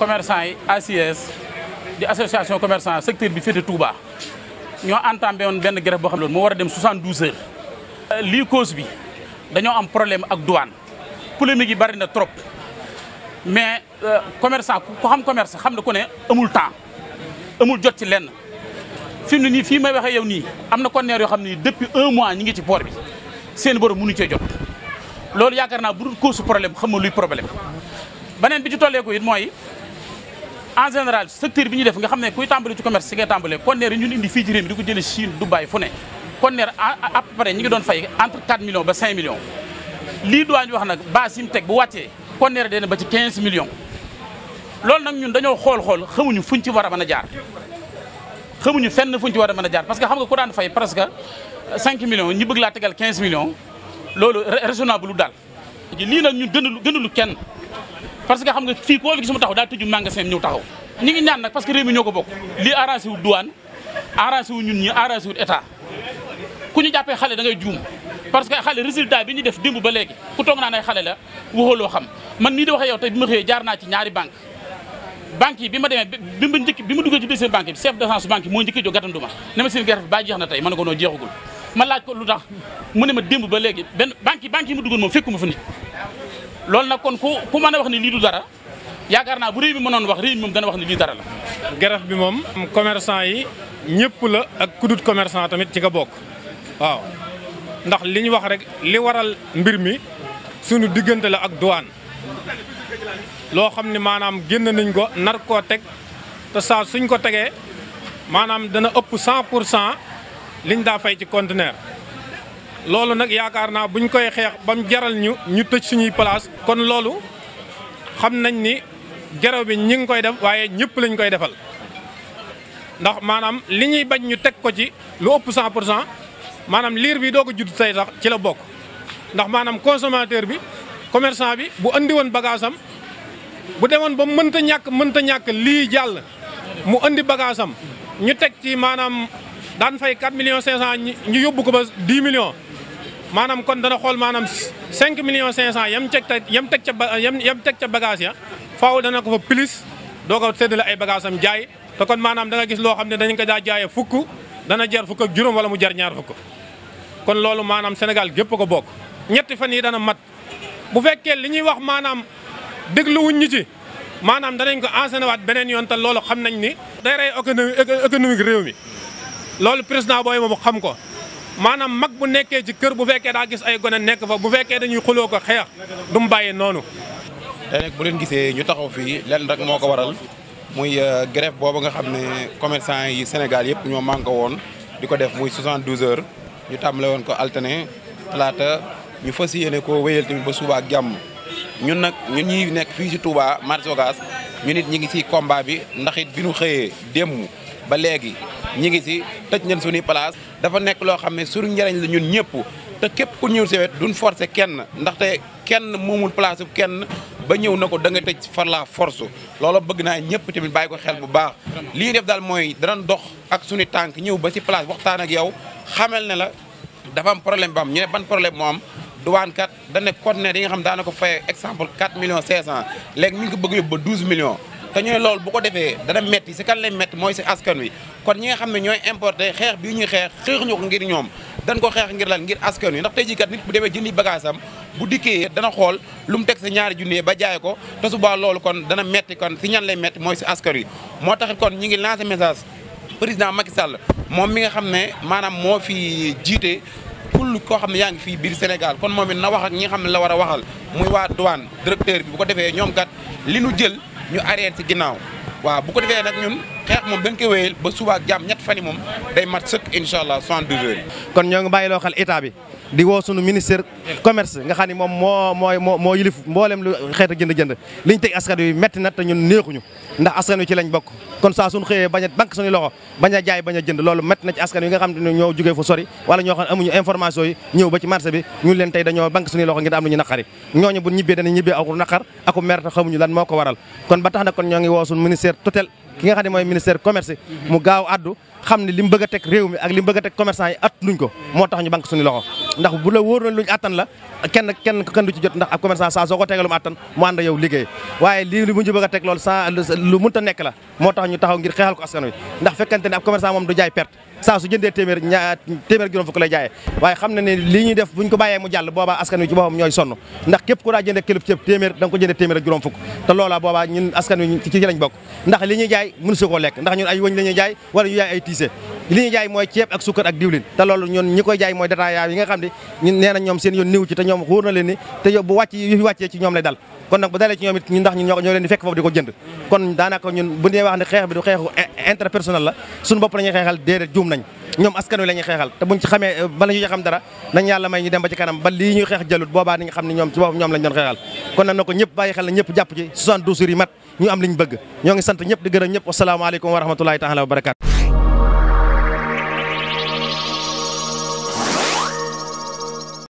commerçant yi ACS di association commerçant secteur bi féete Touba ñoo entamé woon benn grève boo xam ne moo war a dem 72 heures. lii cause bi dañoo am problème ak douane polémique yi bari na trop mais euh, commerçant ku xam commerce xam na ku ne amul temps amul jot ci lenn fi mu ne nii fii may waxee yow nii am na conteneur yoo xam ne depuis un mois ñi ngi ci port bi seen borom mënuñu cee jot. loolu yaakaar naa bu dul cause problème xam nga luy problème beneen bi ci tolleeku it en général secteur bi ñu def nga xam ne kuy tàmbali ci commerce si ngay tàmbalee conteneur yi ñun indi fii ci réew mi di ko jëlee Chine fu ne conteneur après ñu doon fay entre 4 millions ba 5 millions wax nag base yi teg bu wàccee conteneur dana ba ci 15 loolu nag ñun dañoo xool-xool xamuñu fuñ ci war a mën a jaar xamuñu fenn fuñ ci war a mën a jaar parce que xam nga ko daan fay presque 5 millions ñi bëgg laa tegal quinze millions loolu raisonnable lu daal lii nag ñun gënalu gënalu kenn parce que xam nga fii koo fi gis mu taxaw daa tëju magasin ñëw taxaw ñi ngi ñaan nag parce que réew mi ñoo ko bokk lii arrangé wu douane arrangé wu ñun ñi arrangé wu état ku ñu jàppee xale da ngay juum parce que xale résultat bi ñu def démb ba léegi ku toog naa ne xale la waxaloo xam man nii di waxee yow tey bi ma xëyee jaar naa ci ñaari banque banque bi ma demee bi ma duggee ci deuxième banque chef d'agence banque bi moo njëkk jóg gàttanduma ma na tey mën na ko noo ne ma ba léegi benn banque yi banque yi loolu nag kon ku ku mën a wax ni lii du dara yaakaar naa bu réew mi mënoon wax réew mi moom dana wax ni lii dara la. garab bi moom commerçant yi ñëpp la ak kudut commerçant tamit ci nga bokk waaw ndax li ñu wax rek li waral mbir mi sunu diggante la ak douane loo xam ne maanaam génn nañ ko nar koo teg te saa suñ ko tegee maanaam dana ëpp 100 pour cent liñ daa fay ci conteneur. loolu nag yaakaar naa buñ koy xeex bam jaral ñu ñu tëj suñuy place kon loolu xam nañ ni jaraw bi ñi ngi koy def waaye ñëpp lañ koy defal ndax maanaam li ñuy bañ ñu teg ko ci lu ëpp pour cent maanaam liir bi doo ko judd tey sax ci la bokk ndax maanaam consommateur bi commerçant bi bu andi woon bagage am bu demoon ba mënta ñàkk mënta ñàkk lii jàll mu andi bagage am ñu teg ci maanaam daan fay million millions 500 ñu yóbbu ko ba 10 millions. maanaam kon dana xool maanaam 5 millions 500 yam teg yam teg ca yam teg ca bagage ya faaw dana ko fa plus doo ko séddale ay bagage am jaay te kon maanaam da gis loo xam ne dañ ko daa jaayee fukk dana jar fukk ak juróom wala mu jar ñaar fukk kon loolu maanaam Sénégal gépp ko bokk ñetti fan yi dana mat bu fekkee li ñuy wax maanaam dégluwuñ ñu ci maanaam danañ ko enseigné waat beneen yoon te loolu xam nañ ni day rey économie économique réew mi loolu président booy moom xam ko maanaam mag bu nekkee ci kër bu fekkee daa gis ay gone nekk fa bu fekkee dañuy xuloo ko xeex du mu bàyyi noonu. tey nag bu leen gisee ñu taxaw fii lenn rek moo ko waral muy euh, grève boobu nga xam ne commerçant yi Sénégal yëpp ñoo manqué woon di ko def muy 72 heures ñu tàmbale woon ko alterné talaata ñu fas yéene ko wéyal tamit ba suba jàmm ñun nag ñu ñi nekk fii ci Touba marché Ocass ñu nit ñi ngi ci combat bi ndax it bi ñu xëyee démb ba léegi. ñi ngi si tëj nañ suñuy place dafa nekk loo xam ne sur njariñ la ñun ñëpp te képp ku ñëw si wet duñ forcé kenn ndaxte kenn moomul place kenn ba ñëw na ko da nga tëj far la force loolu bëgg naa ñëpp tamit bàyyi ko xel bu baax li ñuy def daal mooy dana dox ak suñu tànk ñëw ba ci place waxtaan ak yow xamal ne la dafa am problème ba am ñu ne ban problème moo am duwaan kat da ne conteneur yi nga xam daana ko fayee exemple 4 millions 500 léegi mi ngi bëgg yóbbu ba 12 millions te ñooy loolu bu ko defee dana metti si kan lay metti mooy si askan wi kon ñi nga xam ne ñooy importé xeex bi ñuy xeex xeexuñu ko ngir ñoom dañ ko xeex ngir lan ngir askan wi ndax tey jii kat nit bu demee jëndi bagage am dikkee dana xool lu teg si ñaari junne ba jaay ko te subaa loolu kon dana metti kon si ñan lay metti mooy si askan wi moo taxit kon ñi ngi lancé message président Macky Sall moom mi nga xam ne maanaam moo fi jiite ful koo xam ne yaa ngi fii biir Sénégal kon moom it na wax ak ñi nga xam ne la war a waxal muy waa douane directeur bi bu ko defee ñoom kat li nu jël ñu arrière ci ginnaaw waaw bu ko defee nag ñun. xeex moom dañ koy wéyal ba suba ak jàmm ñett fan moom day mat sëkk incha allah 72 heures kon ñoo ngi bàyyi loo xel bi di woo sunu ministère commerce nga xam moom moo mooy moo moo yilif mboolem lu xeet a jënd jënd liñ teg askan wi metti na te ñun neexuñu ndax askan wi ci lañ bokk kon saa suñu xëyee bañ a banque suñu loxo jaay bañ jënd loolu metti na ci askan wi nga xam ne ñoo jógee fu sori wala ñoo xam ne amuñu information yi ñëw ba ci marché bi moo ko waral kon ñoo ngi woo sunu ki nga ne mooy ministère commerce mu gaaw addu xam ne li mu bëgg a teg réew mi ak li mu bëgg a teg yi at luñ ko moo tax ñu banque suñu loxo ndax bu la wóor na luñ attan la kenn kenn kenn du ci jot ndax ak commerçant saa soo ko tegalum attan mu ànd yow liggéey waaye li mu ñu bëgg a teg loolu sans lu nekk la moo tax ñu taxaw ngir xeexal ko askan wi ndax fekkante ne ab commerçant moom du jaay perte saa su jëndee téeméer ñaar téeméer juróom fukk lay jaayee waaye xam na ne lii ñuy def buñ ko mu jàll booba askan wi ci boppam ñooy sonn ndax képp ku daa jëndee kilo ceeb téeméer da ko jëndee téeméer ak juróom fukk te loola boobaa ñun askan wi ci ci lañ bokk ndax li jaay mënu su koo lekk ndax ñun ay wëñ la ñuy jaay wala ñu jaay ay tiise li ñuy jaay mooy ceeb ak sukkar ak diwlin te loolu ñun ñi koy jaay mooy détaillant yi nga xam ne ñun na ñoom seen yoon niw ci te ñoom xóor na leen ni te bu wàcc ñoom lay dal kon nag bu dalee ci ñoom it ñu ndax ñun ñoo leen di fekk foofu di ko jënd kon daanaka ñun bu dee wax ne xeex bi du xeexu interpersonnel la suñu bopp la xeexal déedéet juum nañ ñoom askan wi la xeexal te buñ ñu ba ci kanam ba lii ñuy xeex jëlut boobaa ni nga xam ne ñoom ci boppam ñoom lañ doon xeexal kon nag na ko ñëpp bàyyi xel na ñëpp jàpp ci 72 heures mat ñu am liñ bëgg ñoo ngi sant ñëpp di gërëm ñëpp wasalaamaaleykum wa rahmatulahi taala wa barakatu